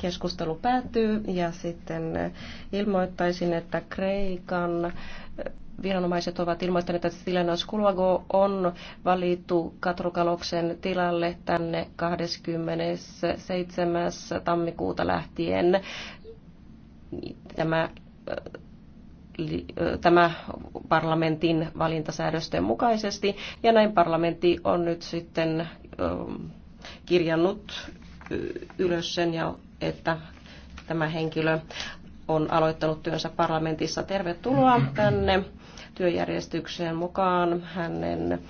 keskustelu päättyy ja sitten ilmoittaisin, että Kreikan viranomaiset ovat ilmoittaneet, että Tilenos Kulvago on valittu Katrukaloksen tilalle tänne 27. tammikuuta lähtien. Tämä äh, tämä parlamentin valintasäädösten mukaisesti. Ja näin parlamentti on nyt sitten ähm, kirjannut ylös sen, ja että tämä henkilö on aloittanut työnsä parlamentissa. Tervetuloa tänne työjärjestykseen mukaan. Hänen